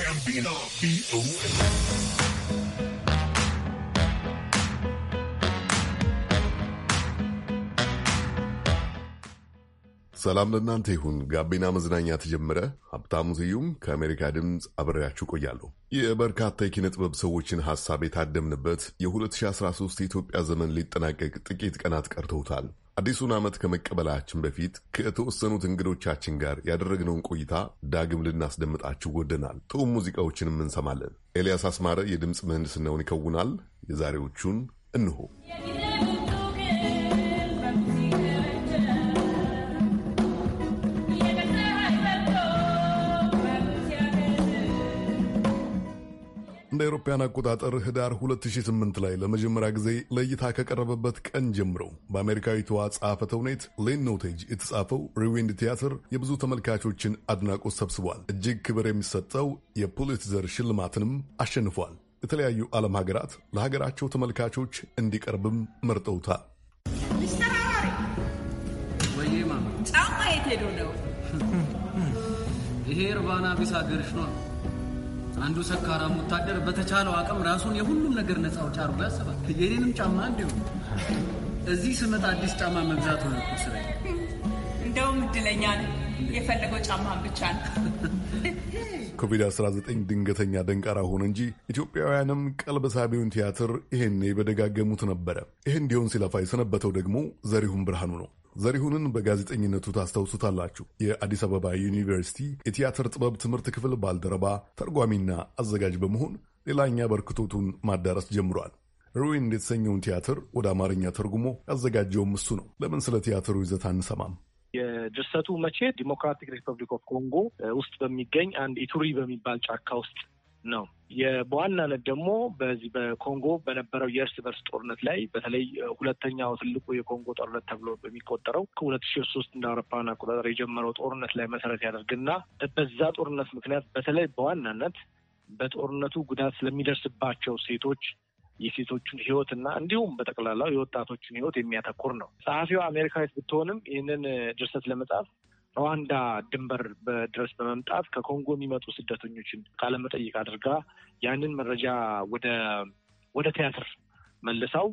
ሰላም ለእናንተ ይሁን። ጋቢና መዝናኛ ተጀመረ። ሀብታሙ ስዩም ከአሜሪካ ድምፅ አብሬያችሁ ቆያለሁ። የበርካታ የኪነ ጥበብ ሰዎችን ሀሳብ የታደምንበት የ2013 የኢትዮጵያ ዘመን ሊጠናቀቅ ጥቂት ቀናት ቀርተውታል። አዲሱን ዓመት ከመቀበላችን በፊት ከተወሰኑት እንግዶቻችን ጋር ያደረግነውን ቆይታ ዳግም ልናስደምጣችሁ ወደናል። ጥሩ ሙዚቃዎችንም እንሰማለን። ኤልያስ አስማረ የድምፅ ምህንድስናውን ይከውናል። የዛሬዎቹን እንሆ እንደ አውሮፓውያን አቆጣጠር ህዳር 2008 ላይ ለመጀመሪያ ጊዜ ለእይታ ከቀረበበት ቀን ጀምሮ በአሜሪካዊቷ ጸሐፌ ተውኔት ሌን ኖቴጅ የተጻፈው ሪዊንድ ቲያትር የብዙ ተመልካቾችን አድናቆት ሰብስቧል። እጅግ ክብር የሚሰጠው የፑሊትዘር ሽልማትንም አሸንፏል። የተለያዩ ዓለም ሀገራት ለሀገራቸው ተመልካቾች እንዲቀርብም መርጠውታል። ጫማ የት ሄዶ ነው? ይሄ እርባና ቢስ ሀገርሽ ነው። አንዱ ሰካራም ወታደር በተቻለው አቅም ራሱን የሁሉም ነገር ነፃ አውጪ አድርጎ ያስባል። የኔንም ጫማ እንዲሁ እዚህ ስመጣ አዲስ ጫማ መግዛት ሆነ ስራ። እንደውም እድለኛ ነው የፈለገው ጫማ ብቻ ነው። ኮቪድ-19 ድንገተኛ ደንቃራ ሆነ እንጂ ኢትዮጵያውያንም ቀልብ ሳቢውን ቲያትር ይሄኔ በደጋገሙት ነበረ። ይህ እንዲሆን ሲለፋ የሰነበተው ደግሞ ዘሪሁን ብርሃኑ ነው። ዘሪሁንን በጋዜጠኝነቱ ታስታውሱታላችሁ። የአዲስ አበባ ዩኒቨርሲቲ የቲያትር ጥበብ ትምህርት ክፍል ባልደረባ፣ ተርጓሚና አዘጋጅ በመሆን ሌላኛ በርክቶቱን ማዳረስ ጀምሯል። ሩዊንድ የተሰኘውን ቲያትር ወደ አማርኛ ተርጉሞ ያዘጋጀውም እሱ ነው። ለምን ስለ ቲያትሩ ይዘት አንሰማም? የድርሰቱ መቼ ዲሞክራቲክ ሪፐብሊክ ኦፍ ኮንጎ ውስጥ በሚገኝ አንድ ኢቱሪ በሚባል ጫካ ውስጥ ነው። በዋናነት ደግሞ በዚህ በኮንጎ በነበረው የእርስ በርስ ጦርነት ላይ በተለይ ሁለተኛው ትልቁ የኮንጎ ጦርነት ተብሎ በሚቆጠረው ከሁለት ሺ ሶስት እንደ አውሮፓውያን አቆጣጠር የጀመረው ጦርነት ላይ መሰረት ያደርግና በዛ ጦርነት ምክንያት በተለይ በዋናነት በጦርነቱ ጉዳት ስለሚደርስባቸው ሴቶች የሴቶቹን ህይወትና እና እንዲሁም በጠቅላላው የወጣቶችን ህይወት የሚያተኩር ነው። ጸሐፊዋ አሜሪካዊት ብትሆንም ይህንን ድርሰት ለመጻፍ ሩዋንዳ ድንበር ድረስ በመምጣት ከኮንጎ የሚመጡ ስደተኞችን ቃለመጠይቅ አድርጋ ያንን መረጃ ወደ ወደ ቲያትር መልሰው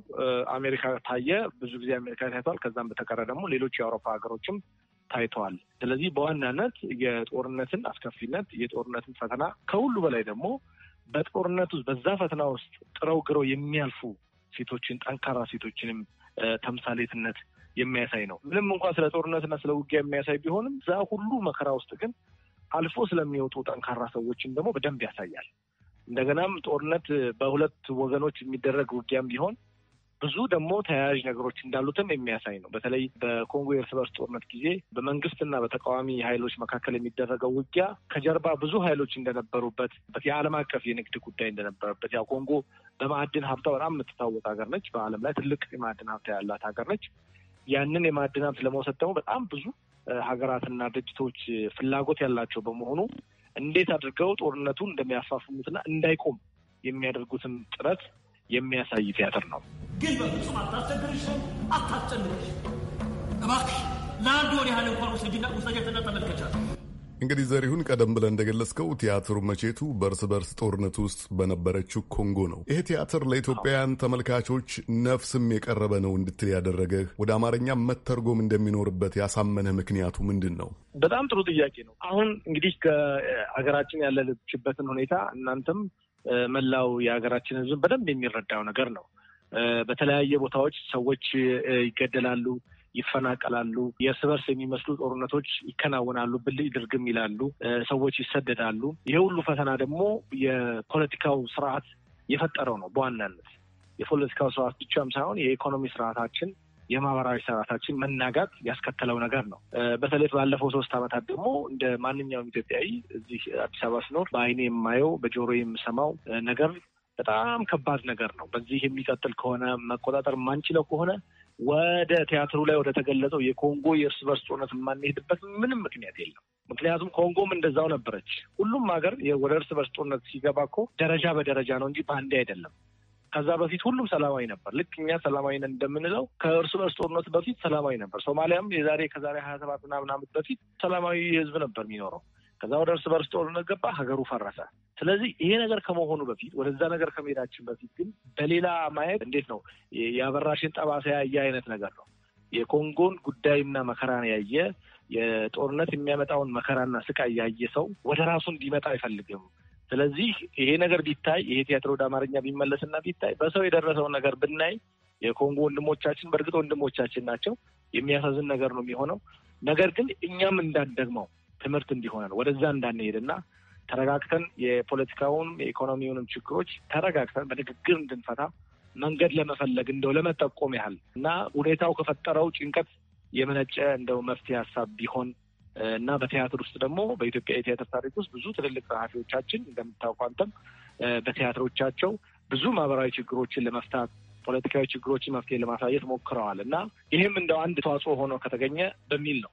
አሜሪካ ታየ። ብዙ ጊዜ አሜሪካ ታይተዋል። ከዛም በተቀረ ደግሞ ሌሎች የአውሮፓ ሀገሮችም ታይተዋል። ስለዚህ በዋናነት የጦርነትን አስከፊነት፣ የጦርነትን ፈተና ከሁሉ በላይ ደግሞ በጦርነት ውስጥ በዛ ፈተና ውስጥ ጥረው ግረው የሚያልፉ ሴቶችን ጠንካራ ሴቶችንም ተምሳሌትነት የሚያሳይ ነው። ምንም እንኳ ስለ ጦርነትና ስለ ውጊያ የሚያሳይ ቢሆንም እዛ ሁሉ መከራ ውስጥ ግን አልፎ ስለሚወጡ ጠንካራ ሰዎችን ደግሞ በደንብ ያሳያል። እንደገናም ጦርነት በሁለት ወገኖች የሚደረግ ውጊያም ቢሆን ብዙ ደግሞ ተያያዥ ነገሮች እንዳሉትም የሚያሳይ ነው። በተለይ በኮንጎ የእርስ በርስ ጦርነት ጊዜ በመንግስትና በተቃዋሚ ኃይሎች መካከል የሚደረገው ውጊያ ከጀርባ ብዙ ኃይሎች እንደነበሩበት የዓለም አቀፍ የንግድ ጉዳይ እንደነበረበት ያው ኮንጎ በማዕድን ሀብታ በጣም የምትታወቅ ሀገር ነች። በዓለም ላይ ትልቅ የማዕድን ሀብታ ያላት ሀገር ነች። ያንን የማዕድን ለመውሰድ ደግሞ በጣም ብዙ ሀገራትና ድርጅቶች ፍላጎት ያላቸው በመሆኑ እንዴት አድርገው ጦርነቱን እንደሚያፋፍሙትና እንዳይቆም የሚያደርጉትን ጥረት የሚያሳይ ቲያትር ነው። ግን በፍጹም አታስቸግርሽ፣ አታስጨንቅሽ። እባክሽ ለአንድ ወር ያህል እንኳን ውሰጅና ውሰጀትና እንግዲህ ዘሪሁን፣ ቀደም ብለን እንደገለጽከው ቲያትሩ መቼቱ በእርስ በርስ ጦርነት ውስጥ በነበረችው ኮንጎ ነው። ይሄ ቲያትር ለኢትዮጵያውያን ተመልካቾች ነፍስም የቀረበ ነው እንድትል ያደረገህ፣ ወደ አማርኛ መተርጎም እንደሚኖርበት ያሳመነህ ምክንያቱ ምንድን ነው? በጣም ጥሩ ጥያቄ ነው። አሁን እንግዲህ ከሀገራችን ያለችበትን ሁኔታ እናንተም መላው የሀገራችን ሕዝብ በደንብ የሚረዳው ነገር ነው። በተለያየ ቦታዎች ሰዎች ይገደላሉ። ይፈናቀላሉ፣ የእርስ በርስ የሚመስሉ ጦርነቶች ይከናወናሉ፣ ብልጭ ድርግም ይላሉ፣ ሰዎች ይሰደዳሉ። ይሄ ሁሉ ፈተና ደግሞ የፖለቲካው ስርዓት የፈጠረው ነው በዋናነት የፖለቲካው ስርዓት ብቻም ሳይሆን የኢኮኖሚ ስርዓታችን የማህበራዊ ስርዓታችን መናጋት ያስከተለው ነገር ነው። በተለይ ባለፈው ሶስት ዓመታት ደግሞ እንደ ማንኛውም ኢትዮጵያዊ እዚህ አዲስ አበባ ስኖር በአይኔ የማየው በጆሮ የምሰማው ነገር በጣም ከባድ ነገር ነው። በዚህ የሚቀጥል ከሆነ መቆጣጠር የማንችለው ከሆነ ወደ ቲያትሩ ላይ ወደ ተገለጸው የኮንጎ የእርስ በርስ ጦርነት የማንሄድበት ምንም ምክንያት የለም። ምክንያቱም ኮንጎም እንደዛው ነበረች። ሁሉም ሀገር ወደ እርስ በርስ ጦርነት ሲገባ እኮ ደረጃ በደረጃ ነው እንጂ በአንዴ አይደለም። ከዛ በፊት ሁሉም ሰላማዊ ነበር። ልክ እኛ ሰላማዊ ነን እንደምንለው ከእርስ በርስ ጦርነት በፊት ሰላማዊ ነበር። ሶማሊያም የዛሬ ከዛሬ ሀያ ሰባት ምናምን ዓመት በፊት ሰላማዊ ህዝብ ነበር የሚኖረው። ከዛ ወደ እርስ በርስ ጦርነት ገባ፣ ሀገሩ ፈረሰ። ስለዚህ ይሄ ነገር ከመሆኑ በፊት ወደዛ ነገር ከመሄዳችን በፊት ግን በሌላ ማየት እንዴት ነው የአበራሽን ጠባሳ ያየ አይነት ነገር ነው። የኮንጎን ጉዳይና መከራን ያየ የጦርነት የሚያመጣውን መከራና ስቃይ ያየ ሰው ወደ ራሱ እንዲመጣ አይፈልግም። ስለዚህ ይሄ ነገር ቢታይ ይሄ ቲያትር ወደ አማርኛ ቢመለስና ቢታይ በሰው የደረሰውን ነገር ብናይ የኮንጎ ወንድሞቻችን በእርግጥ ወንድሞቻችን ናቸው። የሚያሳዝን ነገር ነው የሚሆነው። ነገር ግን እኛም እንዳንደግመው ትምህርት እንዲሆነን ወደዛ እንዳንሄድና ተረጋግተን የፖለቲካውን የኢኮኖሚውንም ችግሮች ተረጋግተን በንግግር እንድንፈታ መንገድ ለመፈለግ እንደው ለመጠቆም ያህል እና ሁኔታው ከፈጠረው ጭንቀት የመነጨ እንደው መፍትሄ ሀሳብ ቢሆን እና በቲያትር ውስጥ ደግሞ በኢትዮጵያ የቲያትር ታሪክ ውስጥ ብዙ ትልልቅ ጸሐፊዎቻችን እንደምታውቁ አንተም በቲያትሮቻቸው ብዙ ማህበራዊ ችግሮችን ለመፍታት ፖለቲካዊ ችግሮችን መፍትሄ ለማሳየት ሞክረዋል እና ይህም እንደው አንድ ተዋጽኦ ሆኖ ከተገኘ በሚል ነው።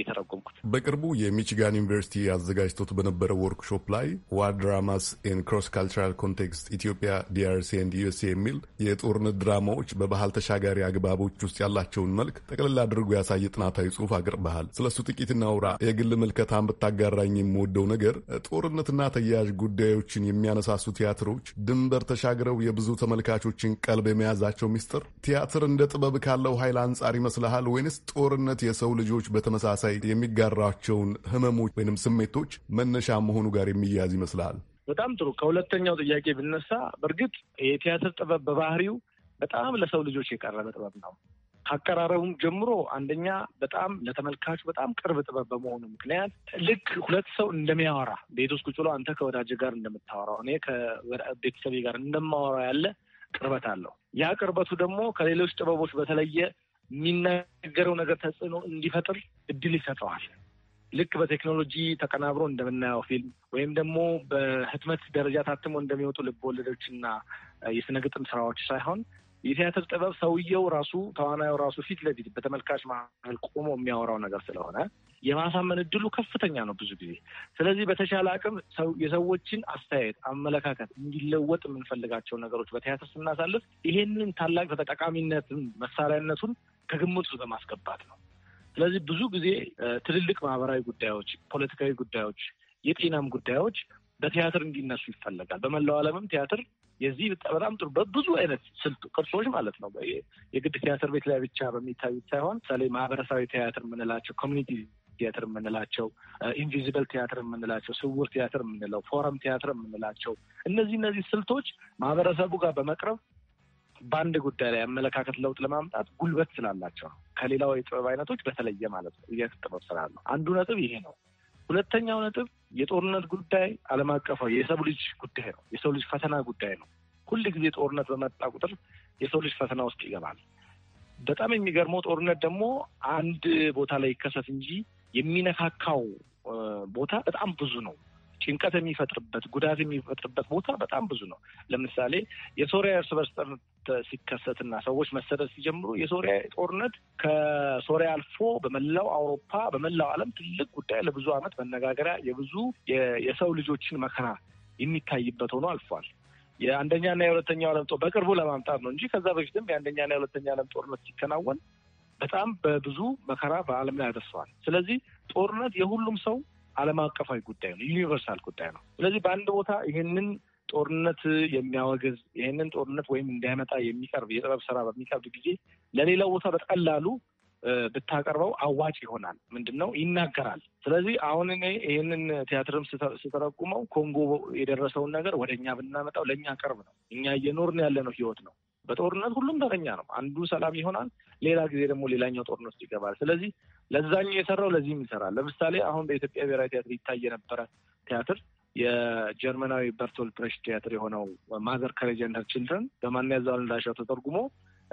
የተረጎምኩት። በቅርቡ የሚችጋን ዩኒቨርሲቲ አዘጋጅቶት በነበረው ወርክሾፕ ላይ ዋር ድራማስ ኢን ክሮስ ካልቸራል ኮንቴክስት ኢትዮጵያ ዲአርሲ ኤንድ ዩኤስኤ የሚል የጦርነት ድራማዎች በባህል ተሻጋሪ አግባቦች ውስጥ ያላቸውን መልክ ጠቅልላ አድርጎ ያሳየ ጥናታዊ ጽሑፍ አቅርበሃል። ስለሱ ጥቂት እናውራ። የግል ምልከታን ብታጋራኝ የምወደው ነገር ጦርነትና ተያያዥ ጉዳዮችን የሚያነሳሱ ቲያትሮች ድንበር ተሻግረው የብዙ ተመልካቾችን ቀልብ የመያዛቸው ሚስጥር ቲያትር እንደ ጥበብ ካለው ኃይል አንጻር ይመስልሃል ወይንስ ጦርነት የሰው ልጆች በተመ በተመሳሳይ የሚጋራቸውን ህመሞች ወይንም ስሜቶች መነሻ መሆኑ ጋር የሚያያዝ ይመስላል። በጣም ጥሩ። ከሁለተኛው ጥያቄ ብነሳ በእርግጥ የቲያትር ጥበብ በባህሪው በጣም ለሰው ልጆች የቀረበ ጥበብ ነው። ካቀራረቡም ጀምሮ አንደኛ በጣም ለተመልካቹ በጣም ቅርብ ጥበብ በመሆኑ ምክንያት ልክ ሁለት ሰው እንደሚያወራ ቤት ውስጥ ቁጭ ብሎ አንተ ከወዳጅ ጋር እንደምታወራው እኔ ከቤተሰቤ ጋር እንደማወራው ያለ ቅርበት አለው። ያ ቅርበቱ ደግሞ ከሌሎች ጥበቦች በተለየ የሚናገረው ነገር ተጽዕኖ እንዲፈጥር እድል ይሰጠዋል። ልክ በቴክኖሎጂ ተቀናብሮ እንደምናየው ፊልም ወይም ደግሞ በህትመት ደረጃ ታትሞ እንደሚወጡ ልብ ወለዶችና የስነ ግጥም ስራዎች ሳይሆን የቲያትር ጥበብ ሰውየው ራሱ ተዋናዩ ራሱ ፊት ለፊት በተመልካች መሀል ቆሞ የሚያወራው ነገር ስለሆነ የማሳመን እድሉ ከፍተኛ ነው ብዙ ጊዜ። ስለዚህ በተሻለ አቅም የሰዎችን አስተያየት፣ አመለካከት እንዲለወጥ የምንፈልጋቸው ነገሮች በቲያትር ስናሳልፍ ይሄንን ታላቅ ተጠቃሚነትን መሳሪያነቱን ከግምት ውስጥ በማስገባት ነው። ስለዚህ ብዙ ጊዜ ትልልቅ ማህበራዊ ጉዳዮች፣ ፖለቲካዊ ጉዳዮች፣ የጤናም ጉዳዮች በቲያትር እንዲነሱ ይፈለጋል። በመላው ዓለምም ቲያትር የዚህ በጣም ጥሩ በብዙ አይነት ስልት ቅርሶች ማለት ነው። የግድ ቲያትር ቤት ላይ ብቻ በሚታዩት ሳይሆን ምሳሌ ማህበረሰባዊ ቲያትር የምንላቸው፣ ኮሚኒቲ ቲያትር የምንላቸው፣ ኢንቪዚብል ቲያትር የምንላቸው፣ ስውር ቲያትር የምንለው፣ ፎረም ቲያትር የምንላቸው እነዚህ እነዚህ ስልቶች ማህበረሰቡ ጋር በመቅረብ በአንድ ጉዳይ ላይ አመለካከት ለውጥ ለማምጣት ጉልበት ስላላቸው ነው። ከሌላው የጥበብ አይነቶች በተለየ ማለት ነው። ጥበብ ስራ አንዱ ነጥብ ይሄ ነው። ሁለተኛው ነጥብ የጦርነት ጉዳይ ዓለም አቀፋዊ የሰው ልጅ ጉዳይ ነው። የሰው ልጅ ፈተና ጉዳይ ነው። ሁል ጊዜ ጦርነት በመጣ ቁጥር የሰው ልጅ ፈተና ውስጥ ይገባል። በጣም የሚገርመው ጦርነት ደግሞ አንድ ቦታ ላይ ይከሰት እንጂ የሚነካካው ቦታ በጣም ብዙ ነው። ጭንቀት የሚፈጥርበት ጉዳት የሚፈጥርበት ቦታ በጣም ብዙ ነው። ለምሳሌ የሶሪያ እርስ በርስ ጦርነት ሲከሰትና ሰዎች መሰረት ሲጀምሩ የሶሪያ ጦርነት ከሶሪያ አልፎ በመላው አውሮፓ፣ በመላው ዓለም ትልቅ ጉዳይ ለብዙ ዓመት መነጋገሪያ የብዙ የሰው ልጆችን መከራ የሚታይበት ሆኖ አልፏል። የአንደኛና የሁለተኛው ዓለም ጦር በቅርቡ ለማምጣት ነው እንጂ ከዛ በፊትም የአንደኛና የሁለተኛ ዓለም ጦርነት ሲከናወን በጣም በብዙ መከራ በዓለም ላይ ያደርሰዋል። ስለዚህ ጦርነት የሁሉም ሰው ዓለም አቀፋዊ ጉዳይ ነው፣ ዩኒቨርሳል ጉዳይ ነው። ስለዚህ በአንድ ቦታ ይህንን ጦርነት የሚያወግዝ ይህንን ጦርነት ወይም እንዳይመጣ የሚቀርብ የጥበብ ስራ በሚቀርብ ጊዜ ለሌላ ቦታ በቀላሉ ብታቀርበው አዋጭ ይሆናል። ምንድን ነው ይናገራል። ስለዚህ አሁን እኔ ይህንን ቲያትርም ስተረጉመው ኮንጎ የደረሰውን ነገር ወደ እኛ ብናመጣው ለእኛ ቅርብ ነው። እኛ እየኖርን ያለ ህይወት ነው። በጦርነት ሁሉም ተረኛ ነው። አንዱ ሰላም ይሆናል፣ ሌላ ጊዜ ደግሞ ሌላኛው ጦርነት ውስጥ ይገባል። ስለዚህ ለዛኛው የሰራው ለዚህም ይሰራል። ለምሳሌ አሁን በኢትዮጵያ ብሔራዊ ቲያትር ይታይ የነበረ ቲያትር የጀርመናዊ በርቶል ፕሬሽ ቲያትር የሆነው ማዘር ከሬጀንደር ችልድረን በማን ያዘዋል እንዳሻው ተተርጉሞ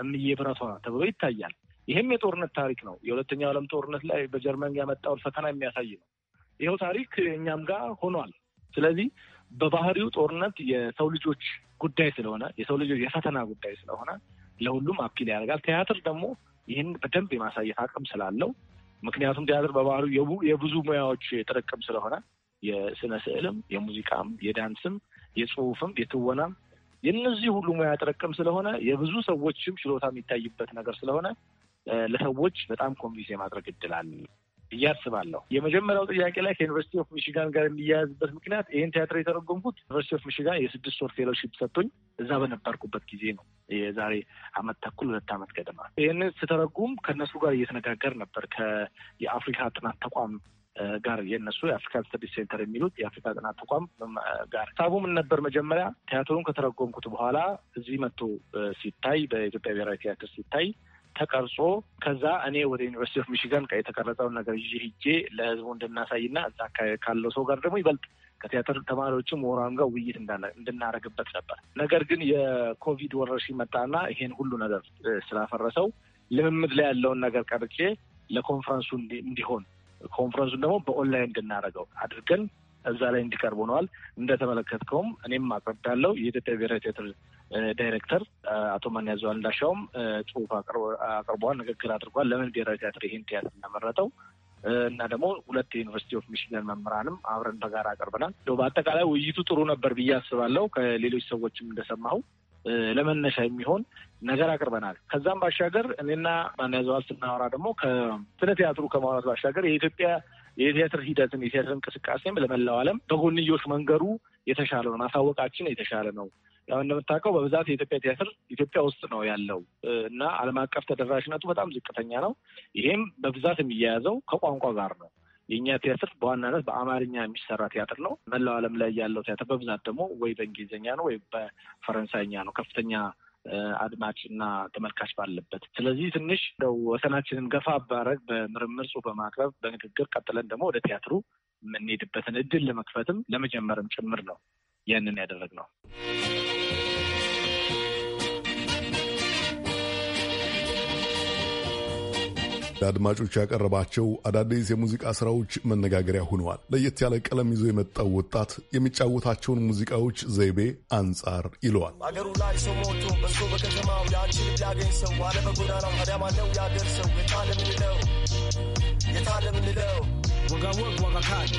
እምዬ ብረቷ ተብሎ ይታያል። ይህም የጦርነት ታሪክ ነው። የሁለተኛው ዓለም ጦርነት ላይ በጀርመን ያመጣውን ፈተና የሚያሳይ ነው። ይኸው ታሪክ እኛም ጋር ሆኗል። ስለዚህ በባህሪው ጦርነት የሰው ልጆች ጉዳይ ስለሆነ የሰው ልጆች የፈተና ጉዳይ ስለሆነ ለሁሉም አፒል ያደርጋል። ቲያትር ደግሞ ይህን በደንብ የማሳየት አቅም ስላለው ምክንያቱም ቲያትር በባህሉ የብዙ ሙያዎች ጥርቅም ስለሆነ የስነ ስዕልም፣ የሙዚቃም፣ የዳንስም፣ የጽሁፍም፣ የትወናም የእነዚህ ሁሉ ሙያ ጥርቅም ስለሆነ የብዙ ሰዎችም ችሎታ የሚታይበት ነገር ስለሆነ ለሰዎች በጣም ኮንቪንስ የማድረግ እድል አለ። ብዬ አስባለሁ። የመጀመሪያው ጥያቄ ላይ ከዩኒቨርሲቲ ኦፍ ሚሽጋን ጋር የሚያያዝበት ምክንያት ይህን ቲያትር የተረጎምኩት ዩኒቨርሲቲ ኦፍ ሚሽጋን የስድስት ወር ፌሎሺፕ ሰጥቶኝ እዛ በነበርኩበት ጊዜ ነው። የዛሬ አመት ተኩል ሁለት አመት ገደማ ይህንን ስተረጉም ከእነሱ ጋር እየተነጋገር ነበር የአፍሪካ ጥናት ተቋም ጋር የነሱ የአፍሪካ ስተዲስ ሴንተር የሚሉት የአፍሪካ ጥናት ተቋም ጋር ሳቡ ምን ነበር መጀመሪያ ቲያትሩን ከተረጎምኩት በኋላ እዚህ መጥቶ ሲታይ በኢትዮጵያ ብሔራዊ ቲያትር ሲታይ ተቀርጾ ከዛ እኔ ወደ ዩኒቨርሲቲ ኦፍ ሚሽጋን የተቀረጸውን ነገር ይዤ ሂጄ ለህዝቡ እንድናሳይና እዛ ካለው ሰው ጋር ደግሞ ይበልጥ ከቲያትር ተማሪዎችም ምሁራን ጋር ውይይት እንድናደርግበት ነበር። ነገር ግን የኮቪድ ወረርሽኝ መጣና ይሄን ሁሉ ነገር ስላፈረሰው ልምምድ ላይ ያለውን ነገር ቀርጬ ለኮንፈረንሱ እንዲሆን ኮንፈረንሱን ደግሞ በኦንላይን እንድናደርገው አድርገን እዛ ላይ እንዲቀርቡ ሆነዋል። እንደተመለከትከውም እኔም አቅርቤያለሁ። የኢትዮጵያ ብሔራዊ ቲያትር ዳይሬክተር አቶ ማንያዘዋል እንዳሻውም ጽሁፍ አቅርበዋል፣ ንግግር አድርጓል። ለምን ብሔራዊ ቲያትር ይህን ቲያትር እንደመረጠው እና ደግሞ ሁለት የዩኒቨርሲቲ ኦፍ ሚሽገን መምህራንም አብረን በጋራ አቅርበናል። በአጠቃላይ ውይይቱ ጥሩ ነበር ብዬ አስባለሁ። ከሌሎች ሰዎችም እንደሰማሁ ለመነሻ የሚሆን ነገር አቅርበናል። ከዛም ባሻገር እኔና ማንያዘዋል ስናወራ ደግሞ ስለ ቲያትሩ ከማውራት ባሻገር የኢትዮጵያ የቲያትር ሂደትን የቲያትር እንቅስቃሴም ለመላው ዓለም በጎንዮሽ መንገዱ የተሻለ ነው፣ ማሳወቃችን የተሻለ ነው ያው እንደምታውቀው በብዛት የኢትዮጵያ ቲያትር ኢትዮጵያ ውስጥ ነው ያለው እና ዓለም አቀፍ ተደራሽነቱ በጣም ዝቅተኛ ነው። ይሄም በብዛት የሚያያዘው ከቋንቋ ጋር ነው። የእኛ ቲያትር በዋናነት በአማርኛ የሚሰራ ቲያትር ነው። መላው ዓለም ላይ ያለው ቲያትር በብዛት ደግሞ ወይ በእንግሊዝኛ ነው ወይ በፈረንሳይኛ ነው ከፍተኛ አድማጭ እና ተመልካች ባለበት። ስለዚህ ትንሽ ው ወሰናችንን ገፋ አባረግ በምርምር ጽሑፍ በማቅረብ በንግግር ቀጥለን ደግሞ ወደ ቲያትሩ የምንሄድበትን እድል ለመክፈትም ለመጀመርም ጭምር ነው ያንን ነው። ለአድማጮች ያቀረባቸው አዳዲስ የሙዚቃ ስራዎች መነጋገሪያ ሆነዋል። ለየት ያለ ቀለም ይዞ የመጣው ወጣት የሚጫወታቸውን ሙዚቃዎች ዘይቤ አንጻር ይለዋል። አገሩ ላይ ሰው ሞቶ በሶ በከተማው የአንቺን ቢያገኝ ሰው አለ በጎዳናው አዳማለው ያገር ሰው የታለ ምንለው ወጋ ወግ ወጋ ካድ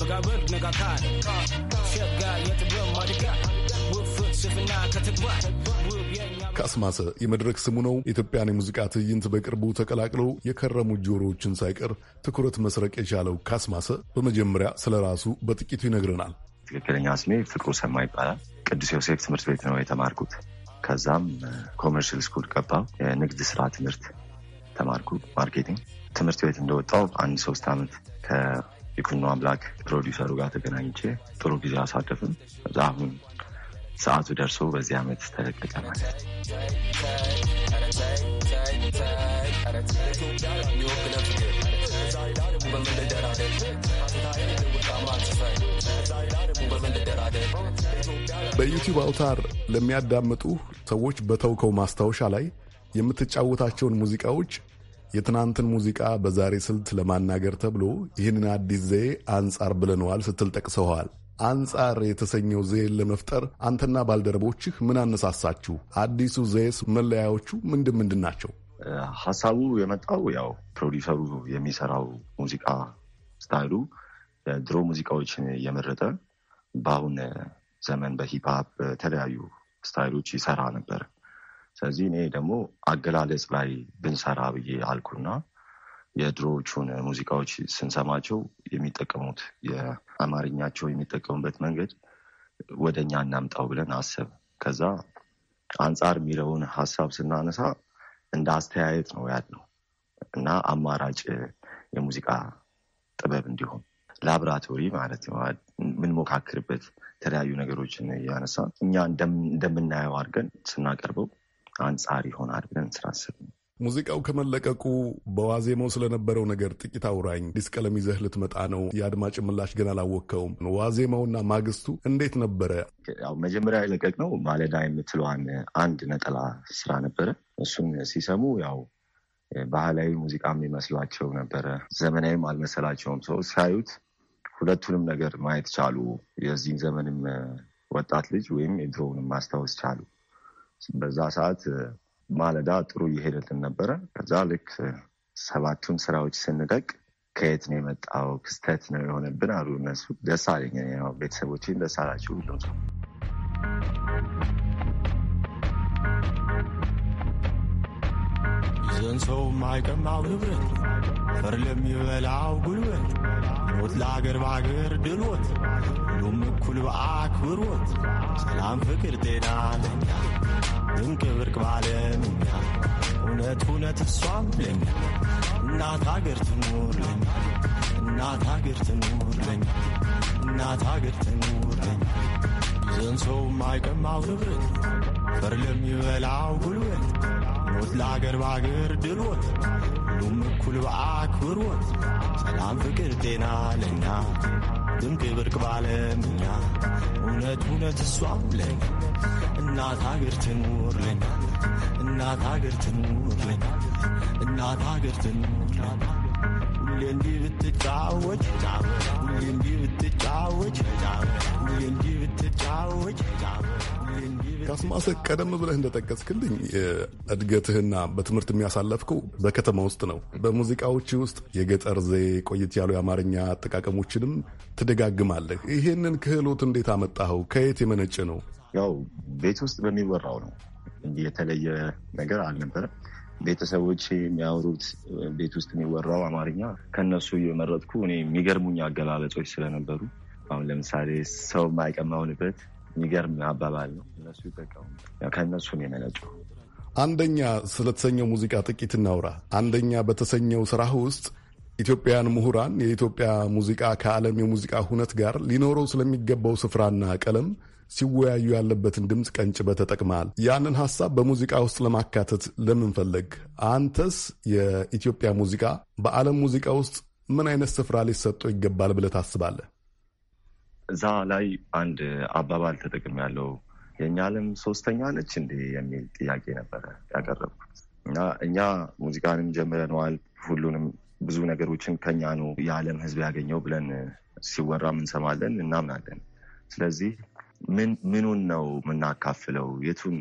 በጋ በርግ ነጋ ካድ ሸጋ የጥበብ ማድጋ ካስማሰ የመድረክ ስሙ ነው። የኢትዮጵያን የሙዚቃ ትዕይንት በቅርቡ ተቀላቅለው የከረሙ ጆሮዎችን ሳይቀር ትኩረት መስረቅ የቻለው ካስማሰ በመጀመሪያ ስለ ራሱ በጥቂቱ ይነግረናል። ትክክለኛ ስሜ ፍቅሩ ሰማ ይባላል። ቅዱስ ዮሴፍ ትምህርት ቤት ነው የተማርኩት። ከዛም ኮመርሽል ስኩል ቀባው የንግድ ስራ ትምህርት ተማርኩ፣ ማርኬቲንግ። ትምህርት ቤት እንደወጣው አንድ ሶስት ዓመት ከይኩኖ አምላክ ፕሮዲውሰሩ ጋር ተገናኝቼ ጥሩ ጊዜ አሳደፍም። አሁን ሰዓቱ ደርሶ በዚህ ዓመት ተለቀቀ ማለት በዩቲዩብ አውታር ለሚያዳምጡ ሰዎች በተውከው ማስታወሻ ላይ የምትጫወታቸውን ሙዚቃዎች የትናንትን ሙዚቃ በዛሬ ስልት ለማናገር ተብሎ ይህንን አዲስ ዘዬ አንጻር ብለነዋል ስትል ጠቅሰዋል። አንጻር የተሰኘው ዘዬን ለመፍጠር አንተና ባልደረቦችህ ምን አነሳሳችሁ? አዲሱ ዘዬስ መለያዎቹ ምንድን ምንድን ናቸው? ሀሳቡ የመጣው ያው ፕሮዲሰሩ የሚሰራው ሙዚቃ ስታይሉ የድሮ ሙዚቃዎችን እየመረጠ በአሁን ዘመን በሂፕሀፕ በተለያዩ ስታይሎች ይሰራ ነበር። ስለዚህ እኔ ደግሞ አገላለጽ ላይ ብንሰራ ብዬ አልኩና የድሮዎቹን ሙዚቃዎች ስንሰማቸው የሚጠቀሙት የአማርኛቸው የሚጠቀሙበት መንገድ ወደ እኛ እናምጣው ብለን አሰብ። ከዛ አንጻር የሚለውን ሀሳብ ስናነሳ እንደ አስተያየት ነው ያልነው እና አማራጭ የሙዚቃ ጥበብ እንዲሆን ላብራቶሪ ማለት ነው የምንሞካክርበት የተለያዩ ነገሮችን እያነሳ እኛ እንደምናየው አድርገን ስናቀርበው አንጻር ይሆናል ብለን ስራ ነው። ሙዚቃው ከመለቀቁ በዋዜማው ስለነበረው ነገር ጥቂት አውራኝ። ዲስ ቀለም ይዘህ ልትመጣ ነው፣ የአድማጭ ምላሽ ግን አላወቅከውም። ዋዜማውና ማግስቱ እንዴት ነበረ? ያው መጀመሪያ የለቀቅ ነው ማለዳ የምትለዋን አንድ ነጠላ ስራ ነበረ። እሱን ሲሰሙ ያው ባህላዊ ሙዚቃ የሚመስሏቸው ነበረ፣ ዘመናዊም አልመሰላቸውም። ሰው ሲያዩት ሁለቱንም ነገር ማየት ቻሉ። የዚህን ዘመንም ወጣት ልጅ ወይም የድሮውንም ማስታወስ ቻሉ። በዛ ሰዓት ማለዳ ጥሩ እየሄደልን ነበረ። ከዛ ልክ ሰባቱን ስራዎች ስንለቅ ከየት ነው የመጣው ክስተት ነው የሆነብን አሉ እነሱ። ደስ አለኝ። ያው ቤተሰቦችን ደስ አላችሁ ሁሉም ሰው ዘንሰው የማይቀማው ንብረት ፈር ለሚበላው ጉልበት ለአገር በአገር ድሎት ሁሉም እኩል በአክብሮት ሰላም፣ ፍቅር፣ ጤና ለኛ ድንቅ ብርቅ ባለም እኛ እውነት እውነት እሷም ለኛ እናት አገር ትኑር ለኛ እናት አገር ትኑር ለኛ እናት አገር ትኑር ለኛ ዘን ሰው ማይቀማው ንብረት ፈር ለሚበላው ጉልበት ሞት ለአገር በአገር ድሎት ሁሉም እኩል በአክብሮት ሰላም፣ ፍቅር፣ ጤና ለኛ ድንቅ ብርቅ ባለምኛ እውነት እውነት እሷም ለኛ እናት ሀገር ትኑር ለኛ እናት ሀገር ትኑር ለኛ እናት ሀገር ትኑር ለኛ ሁሌ እንዲህ ብትጫወች ሁሌ እንዲህ ብትጫወች ሁሌ እንዲህ ብትጫወች ሁሌ እንዲህ ካስማሰ፣ ቀደም ብለህ እንደጠቀስክልኝ እድገትህና በትምህርት የሚያሳለፍከው በከተማ ውስጥ ነው። በሙዚቃዎች ውስጥ የገጠር ዘ ቆየት ያሉ የአማርኛ አጠቃቀሞችንም ትደጋግማለህ። ይህንን ክህሎት እንዴት አመጣኸው? ከየት የመነጨ ነው? ያው ቤት ውስጥ በሚወራው ነው እንጂ የተለየ ነገር አልነበረም። ቤተሰቦች የሚያወሩት ቤት ውስጥ የሚወራው አማርኛ ከነሱ እየመረጥኩ እኔ የሚገርሙኝ አገላለጾች ስለነበሩ አሁን ለምሳሌ ሰው የማይቀማውንበት የሚገርም አባባል ነው። እነሱ ይጠቀሙ። ከእነሱ ነው የመነጨው። አንደኛ ስለተሰኘው ሙዚቃ ጥቂት እናውራ። አንደኛ በተሰኘው ስራህ ውስጥ ኢትዮጵያውያን ምሁራን የኢትዮጵያ ሙዚቃ ከዓለም የሙዚቃ ሁነት ጋር ሊኖረው ስለሚገባው ስፍራና ቀለም ሲወያዩ ያለበትን ድምፅ ቀንጭበ ተጠቅመሃል። ያንን ሀሳብ በሙዚቃ ውስጥ ለማካተት ለምን ፈለግ? አንተስ የኢትዮጵያ ሙዚቃ በዓለም ሙዚቃ ውስጥ ምን አይነት ስፍራ ሊሰጠው ይገባል ብለህ ታስባለህ? እዛ ላይ አንድ አባባል ያለው የእኛ ዓለም ሶስተኛ ነች እንዴ የሚል ጥያቄ ነበረ ያቀረብኩት እና እኛ ሙዚቃንም ጀምረነዋል ሁሉንም ብዙ ነገሮችን ከኛ ነው የዓለም ህዝብ ያገኘው ብለን ሲወራም እንሰማለን፣ እናምናለን። ስለዚህ ምኑን ነው የምናካፍለው? የቱን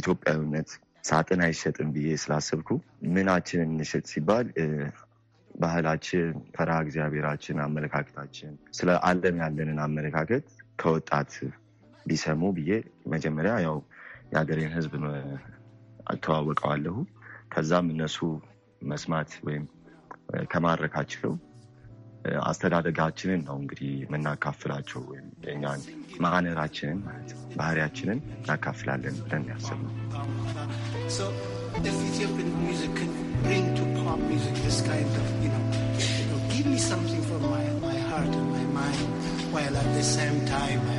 ኢትዮጵያዊነት ሳጥን አይሸጥም ብዬ ስላሰብኩ ምናችን እንሸጥ ሲባል ባህላችን፣ ፈራ እግዚአብሔራችን፣ አመለካከታችን ስለ ዓለም ያለንን አመለካከት ከወጣት ቢሰሙ ብዬ መጀመሪያ ያው የሀገሬን ህዝብ አተዋወቀዋለሁ። ከዛም እነሱ መስማት ወይም ከማረካቸው አስተዳደጋችንን ነው እንግዲህ የምናካፍላቸው ወይም የእኛን ማዕነራችንን ማለት ነው ባህሪያችንን እናካፍላለን ብለን ያሰብነው። Give me something from my, my heart and my mind while at the same time I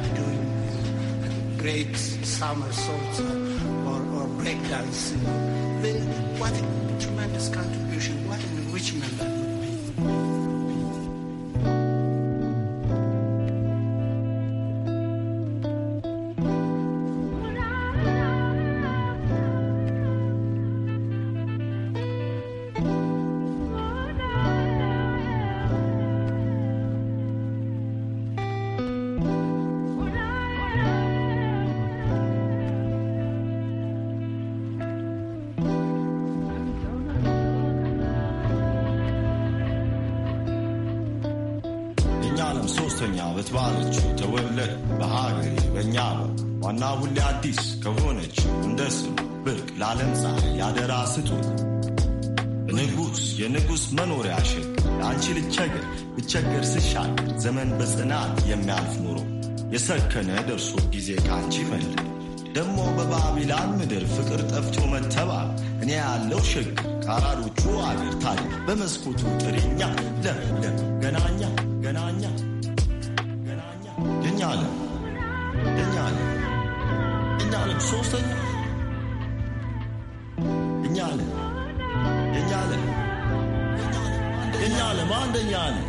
great somersaults or, or breakdance. Then what a tremendous contribution, what an enrichment that would be. ብቸገር ስሻል ዘመን በጽናት የሚያልፍ ኑሮ የሰከነ ደርሶ ጊዜ ካንቺ ይፈልግ ደግሞ በባቢላን ምድር ፍቅር ጠፍቶ መተባል እኔ ያለው ሽግ ከአራዶቹ አገር ታዲያ በመስኮቱ ጥሪኛ ለምለም ገናኛ ገናኛ ገናኛ የኛ ዓለም የኛ ዓለም የኛ ዓለም ሶስተኛ የኛ ዓለም የኛ ዓለም የኛ ዓለም አንደኛ ዓለም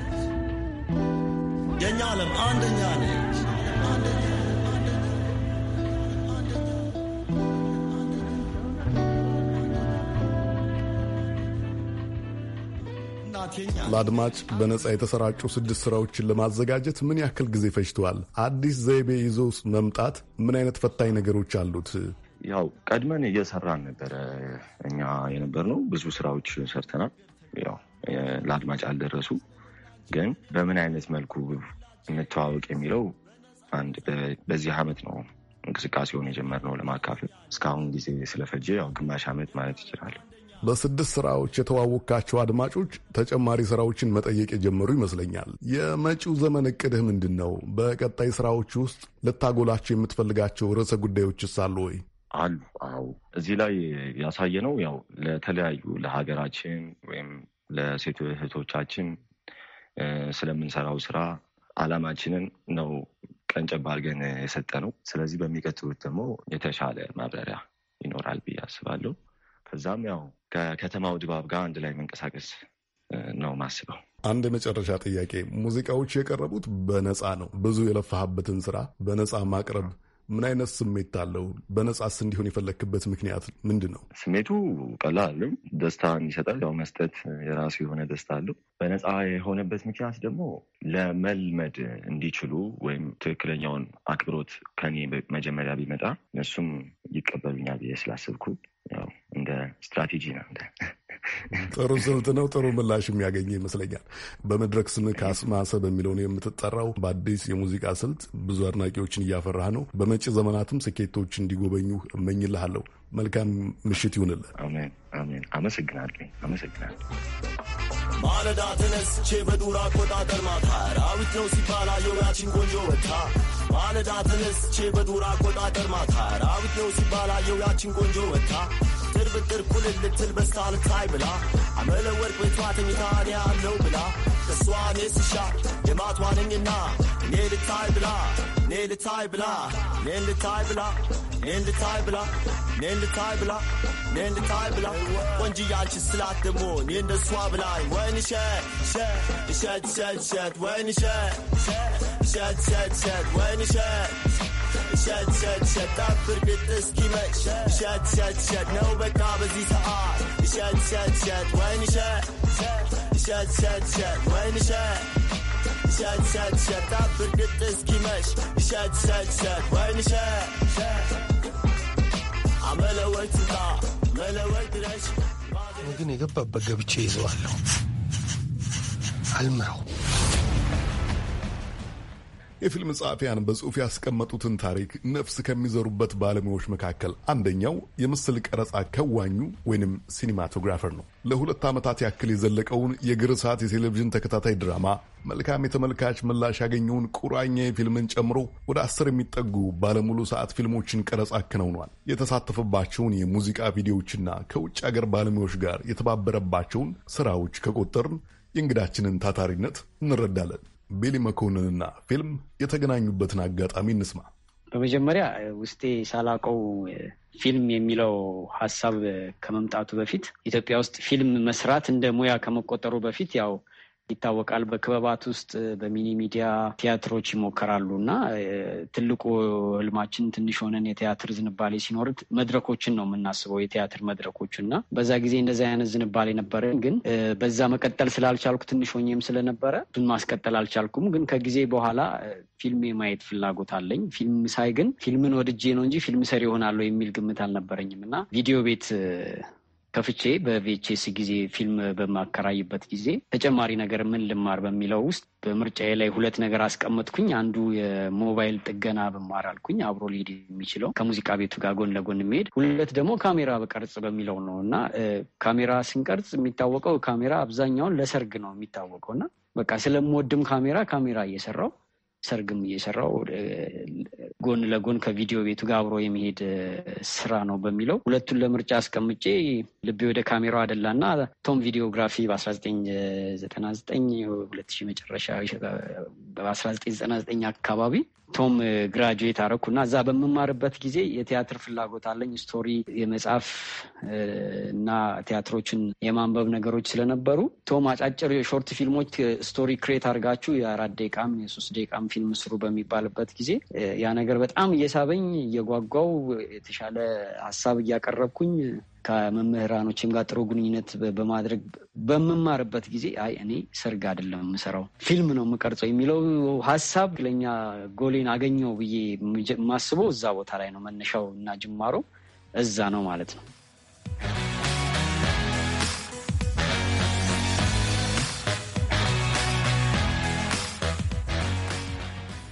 የእኛ ዓለም አንደኛ ነች። ለአድማጭ በነጻ የተሰራጩ ስድስት ስራዎችን ለማዘጋጀት ምን ያክል ጊዜ ፈጅተዋል? አዲስ ዘይቤ ይዞ መምጣት ምን አይነት ፈታኝ ነገሮች አሉት? ያው ቀድመን እየሰራን ነበረ እኛ የነበርነው ብዙ ስራዎች ሰርተናል። ያው ለአድማጭ አልደረሱ ግን በምን አይነት መልኩ እንተዋወቅ የሚለው አንድ በዚህ አመት ነው እንቅስቃሴውን የጀመርነው ለማካፈል እስካሁን ጊዜ ስለፈጀ ያው ግማሽ አመት ማለት ይችላል። በስድስት ስራዎች የተዋወቅካቸው አድማጮች ተጨማሪ ስራዎችን መጠየቅ የጀመሩ ይመስለኛል። የመጪው ዘመን እቅድህ ምንድን ነው? በቀጣይ ስራዎች ውስጥ ልታጎላቸው የምትፈልጋቸው ርዕሰ ጉዳዮችስ አሉ ወይ? አሉ። አዎ፣ እዚህ ላይ ያሳየ ያው ለተለያዩ ለሀገራችን ወይም ለሴት እህቶቻችን ስለምንሰራው ስራ አላማችንን ነው ቀንጨብ አድርገን የሰጠ ነው። ስለዚህ በሚቀጥሉት ደግሞ የተሻለ ማብራሪያ ይኖራል ብዬ አስባለሁ። ከዛም ያው ከከተማው ድባብ ጋር አንድ ላይ መንቀሳቀስ ነው ማስበው። አንድ የመጨረሻ ጥያቄ፣ ሙዚቃዎች የቀረቡት በነፃ ነው። ብዙ የለፋህበትን ስራ በነፃ ማቅረብ ምን አይነት ስሜት አለው? በነጻስ እንዲሆን የፈለክበት ምክንያት ምንድን ነው? ስሜቱ ቀላልም ደስታን ይሰጣል። ያው መስጠት የራሱ የሆነ ደስታ አለው። በነፃ የሆነበት ምክንያት ደግሞ ለመልመድ እንዲችሉ ወይም ትክክለኛውን አክብሮት ከኔ መጀመሪያ ቢመጣ እነሱም ይቀበሉኛል ብዬ ስላስብኩ ያው እንደ ስትራቴጂ ነው። ጥሩ ስልት ነው። ጥሩ ምላሽ የሚያገኝ ይመስለኛል። በመድረክ ስምህ ከአስማሰ በሚለው ነው የምትጠራው። በአዲስ የሙዚቃ ስልት ብዙ አድናቂዎችን እያፈራህ ነው። በመጪ ዘመናትም ስኬቶች እንዲጎበኙ እመኝልሃለሁ። መልካም ምሽት ይሁንልህ። አሜን ማለዳ ተነስቼ በዱር አቆጣጠር ማታ ራዊት ነው ሲባል አየውያችን ቆንጆ ወታ ማለዳ ተነስቼ በዱር አቆጣጠር ማታ ራዊት ነው ሲባል አየውያችን ቆንጆ ወጣ ብድር ብድር ኩል ልትል በስታ ልታይ ብላ አመለ ወርቅ ቤቷ ተኝታ ያለው ብላ እሷ እኔ ስሻ የማትዋነኝና እኔ ልታይ ብላ እኔ ልታይ ብላ እኔን ልታይ ብላ እኔን ልታይ ብላ እኔን ልታይ ብላ እኔን ልታይ ብላ ቆንጂ ያልች ስላት ደግሞ እኔ እንደሷ ብላኝ ወይን እሸት እሸት እሸት እሸት ወይን እሸት እሸት እሸት ወይን እሸት Shut, shut, shut up for the schema. Shut, shut, shut. No, but Kabazi's art. Shut, shut, shut. When you shut, shut, shut, shut. When you shut. Shut, shut, shut up for the schema. Shut, shut, shut. When you shut, I'm a lower to that. I'm a lower to that. ግን የገባበት ገብቼ ይዘዋለሁ አልምረው የፊልም ጸሐፊያን በጽሑፍ ያስቀመጡትን ታሪክ ነፍስ ከሚዘሩበት ባለሙያዎች መካከል አንደኛው የምስል ቀረጻ ከዋኙ ወይንም ሲኒማቶግራፈር ነው። ለሁለት ዓመታት ያክል የዘለቀውን ሰዓት የቴሌቪዥን ተከታታይ ድራማ መልካም የተመልካች ምላሽ ያገኘውን ቁራኛ የፊልምን ጨምሮ ወደ አስር የሚጠጉ ባለሙሉ ሰዓት ፊልሞችን ቀረጻ አከናውኗል። የተሳተፈባቸውን የሙዚቃ ቪዲዮዎችና ከውጭ አገር ባለሙያዎች ጋር የተባበረባቸውን ስራዎች ከቆጠርን የእንግዳችንን ታታሪነት እንረዳለን። ቤሊ መኮንንና ፊልም የተገናኙበትን አጋጣሚ እንስማ። በመጀመሪያ ውስጤ ሳላቀው ፊልም የሚለው ሀሳብ ከመምጣቱ በፊት ኢትዮጵያ ውስጥ ፊልም መስራት እንደ ሙያ ከመቆጠሩ በፊት ያው ይታወቃል። በክበባት ውስጥ በሚኒ ሚዲያ ቲያትሮች ይሞከራሉ እና ትልቁ ህልማችን ትንሽ ሆነን የቲያትር ዝንባሌ ሲኖር መድረኮችን ነው የምናስበው የቲያትር መድረኮች እና በዛ ጊዜ እንደዚ አይነት ዝንባሌ ነበረ። ግን በዛ መቀጠል ስላልቻልኩ ትንሽ ሆኜም ስለነበረ እሱን ማስቀጠል አልቻልኩም። ግን ከጊዜ በኋላ ፊልም የማየት ፍላጎት አለኝ። ፊልም ሳይ ግን ፊልምን ወድጄ ነው እንጂ ፊልም ሰሪ ይሆናለሁ የሚል ግምት አልነበረኝም እና ቪዲዮ ቤት ከፍቼ በቪኤችኤስ ጊዜ ፊልም በማከራይበት ጊዜ ተጨማሪ ነገር ምን ልማር በሚለው ውስጥ በምርጫዬ ላይ ሁለት ነገር አስቀመጥኩኝ። አንዱ የሞባይል ጥገና ብማር አልኩኝ፣ አብሮ ሊሄድ የሚችለው ከሙዚቃ ቤቱ ጋር ጎን ለጎን የሚሄድ ሁለት ደግሞ ካሜራ በቀርጽ በሚለው ነው እና ካሜራ ስንቀርጽ የሚታወቀው ካሜራ አብዛኛውን ለሰርግ ነው የሚታወቀው እና በቃ ስለምወድም ካሜራ ካሜራ እየሰራው ሰርግም እየሰራው ጎን ለጎን ከቪዲዮ ቤቱ ጋር አብሮ የሚሄድ ስራ ነው በሚለው ሁለቱን ለምርጫ አስቀምጬ ልቤ ወደ ካሜራው አደላና ቶም ቪዲዮግራፊ በ1999 2000 መጨረሻ በ1999 አካባቢ ቶም ግራጁዌት እና እዛ በምማርበት ጊዜ የቲያትር ፍላጎት አለኝ። ስቶሪ የመጽሐፍ እና ቲያትሮችን የማንበብ ነገሮች ስለነበሩ ቶም አጫጭር ሾርት ፊልሞች ስቶሪ ክሬት አድርጋችሁ የአራት ደቂቃም የሶስት ደቂቃም ፊልም ስሩ በሚባልበት ጊዜ ያ ነገር በጣም እየሳበኝ እየጓጓው የተሻለ ሀሳብ እያቀረብኩኝ ከመምህራኖችም ጋር ጥሩ ግንኙነት በማድረግ በምማርበት ጊዜ አይ እኔ ሰርግ አይደለም የምሰራው ፊልም ነው የምቀርጸው የሚለው ሀሳብ ለኛ ጎሌን አገኘው ብዬ ማስበው እዛ ቦታ ላይ ነው። መነሻው እና ጅማሮ እዛ ነው ማለት ነው።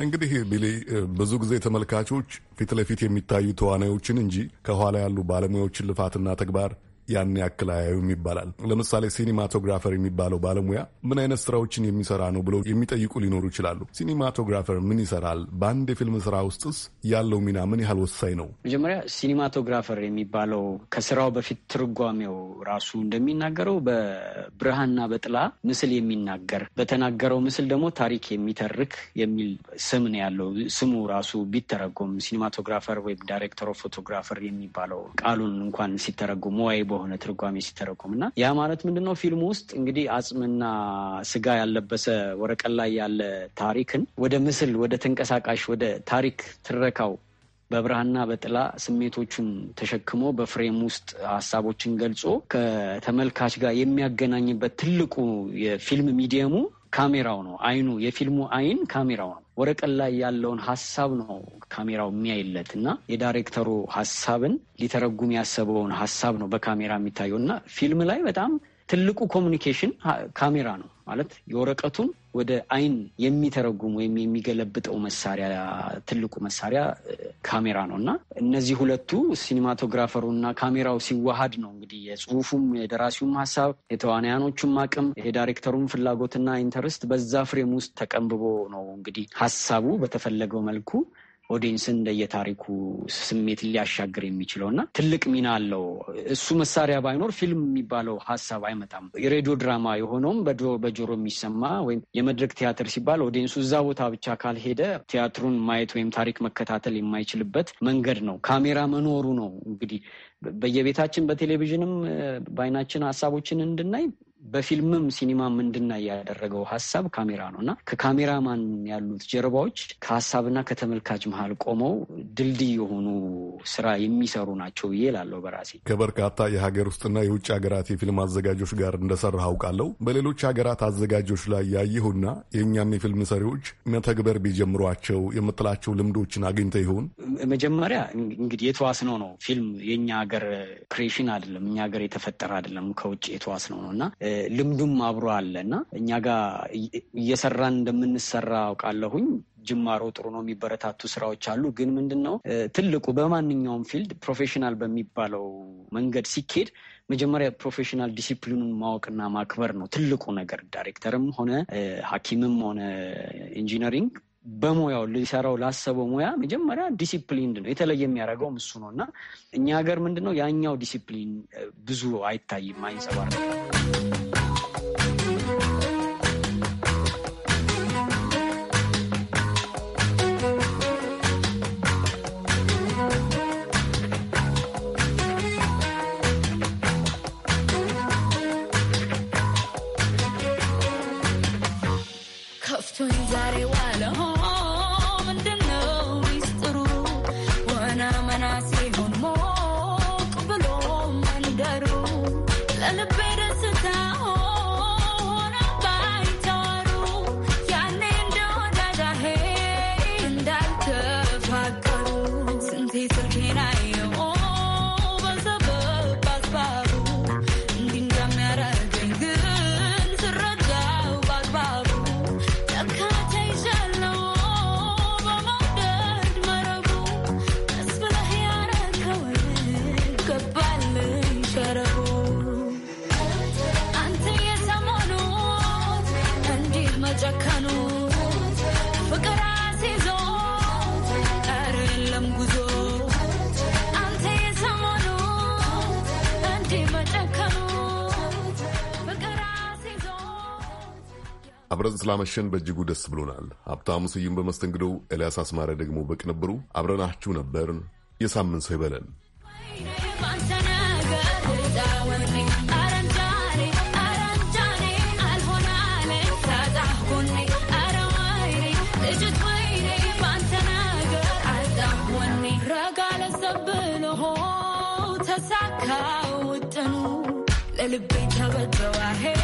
እንግዲህ ቢሊ፣ ብዙ ጊዜ ተመልካቾች ፊት ለፊት የሚታዩ ተዋናዮችን እንጂ ከኋላ ያሉ ባለሙያዎችን ልፋትና ተግባር ያን ያክል አያዩም ይባላል። ለምሳሌ ሲኒማቶግራፈር የሚባለው ባለሙያ ምን አይነት ስራዎችን የሚሰራ ነው ብለው የሚጠይቁ ሊኖሩ ይችላሉ። ሲኒማቶግራፈር ምን ይሰራል? በአንድ የፊልም ስራ ውስጥስ ያለው ሚና ምን ያህል ወሳኝ ነው? መጀመሪያ ሲኒማቶግራፈር የሚባለው ከስራው በፊት ትርጓሜው ራሱ እንደሚናገረው በብርሃንና በጥላ ምስል የሚናገር በተናገረው ምስል ደግሞ ታሪክ የሚተርክ የሚል ስም ነው ያለው። ስሙ ራሱ ቢተረጎም ሲኒማቶግራፈር ወይም ዳይሬክተር ኦፍ ፎቶግራፈር የሚባለው ቃሉን እንኳን ሲተረጎም ወይ በሆነ ትርጓሜ ሲተረጉም እና ያ ማለት ምንድን ነው? ፊልሙ ውስጥ እንግዲህ አጽምና ስጋ ያለበሰ ወረቀት ላይ ያለ ታሪክን ወደ ምስል፣ ወደ ተንቀሳቃሽ፣ ወደ ታሪክ ትረካው በብርሃና በጥላ ስሜቶቹን ተሸክሞ በፍሬም ውስጥ ሀሳቦችን ገልጾ ከተመልካች ጋር የሚያገናኝበት ትልቁ የፊልም ሚዲየሙ ካሜራው ነው። አይኑ የፊልሙ አይን ካሜራው ነው። ወረቀት ላይ ያለውን ሀሳብ ነው ካሜራው የሚያይለት እና የዳይሬክተሩ ሀሳብን ሊተረጉም ያሰበውን ሀሳብ ነው በካሜራ የሚታየው እና ፊልም ላይ በጣም ትልቁ ኮሚኒኬሽን ካሜራ ነው ማለት የወረቀቱን ወደ አይን የሚተረጉም ወይም የሚገለብጠው መሳሪያ ትልቁ መሳሪያ ካሜራ ነው እና እነዚህ ሁለቱ ሲኒማቶግራፈሩ እና ካሜራው ሲዋሃድ ነው እንግዲህ የጽሁፉም የደራሲውም ሀሳብ የተዋናያኖቹም አቅም የዳይሬክተሩም ፍላጎትና ኢንተርስት በዛ ፍሬም ውስጥ ተቀንብቦ ነው እንግዲህ ሀሳቡ በተፈለገው መልኩ ኦዲንስን እንደየታሪኩ ስሜት ሊያሻግር የሚችለው እና ትልቅ ሚና አለው። እሱ መሳሪያ ባይኖር ፊልም የሚባለው ሀሳብ አይመጣም። የሬዲዮ ድራማ የሆነውም በጆሮ የሚሰማ ወይም የመድረክ ቲያትር ሲባል ኦዲንሱ እዛ ቦታ ብቻ ካልሄደ ቲያትሩን ማየት ወይም ታሪክ መከታተል የማይችልበት መንገድ ነው። ካሜራ መኖሩ ነው እንግዲህ በየቤታችን በቴሌቪዥንም በአይናችን ሀሳቦችን እንድናይ በፊልምም ሲኒማም እንድናይ ያደረገው ሀሳብ ካሜራ ነው እና ከካሜራማን ያሉት ጀርባዎች ከሀሳብና ከተመልካች መሀል ቆመው ድልድይ የሆኑ ስራ የሚሰሩ ናቸው ብዬ ላለው በራሴ። ከበርካታ የሀገር ውስጥና የውጭ ሀገራት የፊልም አዘጋጆች ጋር እንደሰራ አውቃለሁ። በሌሎች ሀገራት አዘጋጆች ላይ ያየሁና የእኛም የፊልም ሰሪዎች መተግበር ቢጀምሯቸው የምትላቸው ልምዶችን አግኝተ ይሆን? መጀመሪያ እንግዲህ የተዋስነው ነው ፊልም የእኛ ሀገር ክሬሽን አይደለም፣ እኛ ሀገር የተፈጠረ አይደለም፣ ከውጭ የተዋስነው ነው እና ልምዱም አብሮ አለ እና እኛ ጋር እየሰራን እንደምንሰራ አውቃለሁኝ። ጅማሮ ጥሩ ነው። የሚበረታቱ ስራዎች አሉ። ግን ምንድን ነው ትልቁ በማንኛውም ፊልድ ፕሮፌሽናል በሚባለው መንገድ ሲኬድ መጀመሪያ ፕሮፌሽናል ዲሲፕሊኑን ማወቅና ማክበር ነው ትልቁ ነገር። ዳይሬክተርም ሆነ ሐኪምም ሆነ ኢንጂነሪንግ በሙያው ሊሰራው ላሰበው ሙያ መጀመሪያ ዲሲፕሊን ነው። የተለየ የሚያደርገው እሱ ነው እና እኛ ሀገር ምንድን ነው ያኛው ዲሲፕሊን ብዙ አይታይም፣ አይንጸባረቅም። አብረን ስላመሸን በእጅጉ ደስ ብሎናል። ሀብታሙ ስዩም በመስተንግዶው፣ ኤልያስ አስማረ ደግሞ በቅንብሩ አብረናችሁ ነበርን። የሳምንት ሰው ይበለን። ልቤ it be